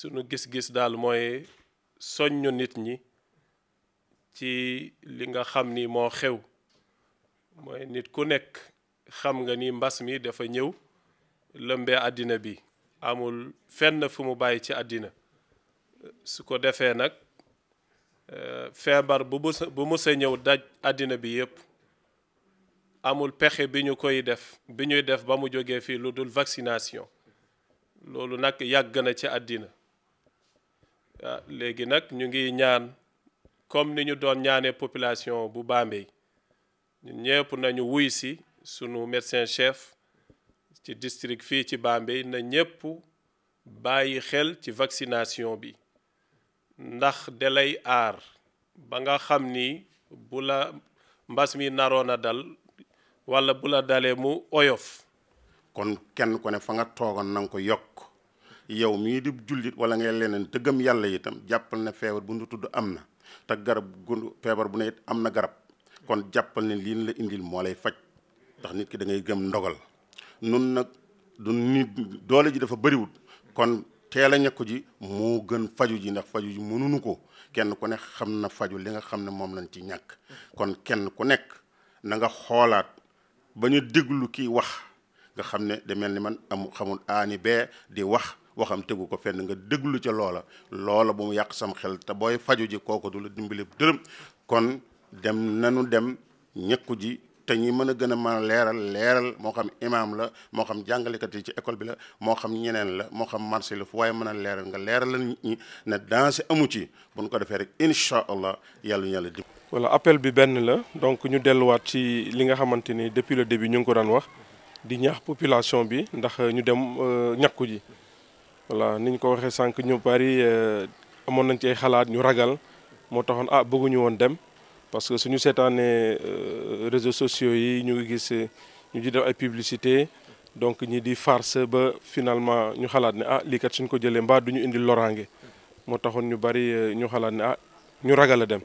sunu gis-gis daal mooy soññ nit ñi ci li nga xam ni moo xew mooy nit ku nekk xam nga ni mbas mi dafa ñëw lëmbee àddina bi amul fenn fu mu bàyyi ci àddina su ko defee nag euh, feebar bu bu musa ñëw daj àddina bi yépp amul pexe bi ñu koy def bi ñuy def ba mu jógee fii lu dul vaccination loolu nag yàgg na ci àddina Ah, léegi nag ñu ngi ñaan comme ni ñu doon ñaanee population bu Bambey ñun ñëpp nañu wuy si sunu médecin chef ci district fii ci Bambey na ñëpp bàyyi xel ci vaccination bi ndax lay aar ba nga xam ni bu la mbas mi naroon a dal walla bu la dalee mu oyof kon kenn ku ne fa nga toogoon na ko yokk yow mii di jullit wala ngay leneen te yàlla itam jàppal na feebar bu ñu tudd am na te garab gu feebar bu ne it am na garab kon jàppal ne lii la indil moo lay faj ndax nit ki da gëm ndogal nun nag du nit doole ji dafa bëriwul kon teel a ñàkk ji moo gën faju ji ndax faju ji mënuñu ko kenn ku nekk xam na faju li nga xam ne moom lañ ci ñàkk kon kenn ku nekk na nga xoolaat ba ñu déglu kii wax nga xam ne da mel ni man amu xamul aani bee di wax waxam tegu ko fenn nga déglu ca loola loola bu mu yàq sama xel te booy faju ji kooku du la dimbali dërëm kon dem nanu dem ñekku ji te ñi mën a gën a mën a leeral leeral moo xam imaam la moo xam jàngalekat yi ci école bi la moo xam ñeneen la moo xam marché la fu waaye mën a leeral nga leeral la nit ñi ne danse amu ci bu nu ko defee rek incha allah yàlla ñu yàlla dim voilà appel bi benn la donc ñu delluwaat ci li nga xamante ni depuis le début ñu ngi ko daan wax di ñaax population bi ndax ñu dem euh, ñàkku ji voilà ni ñu ko waxee sànq ñu bari euh, amoon nañ ci ay xalaat ñu ragal moo taxoon ah bëgguñu woon dem parce que suñu seetaanee euh, réseaux sociaux yi ñu ngi gis ñu di def ay publicité donc ñi di farce ba finalement ñu xalaat ne ah lii kat suñ ko jëlee mbaa du ñu indi loraange moo taxoon ñu bari euh, ñu xalaat ne ah ñu ragal a dem.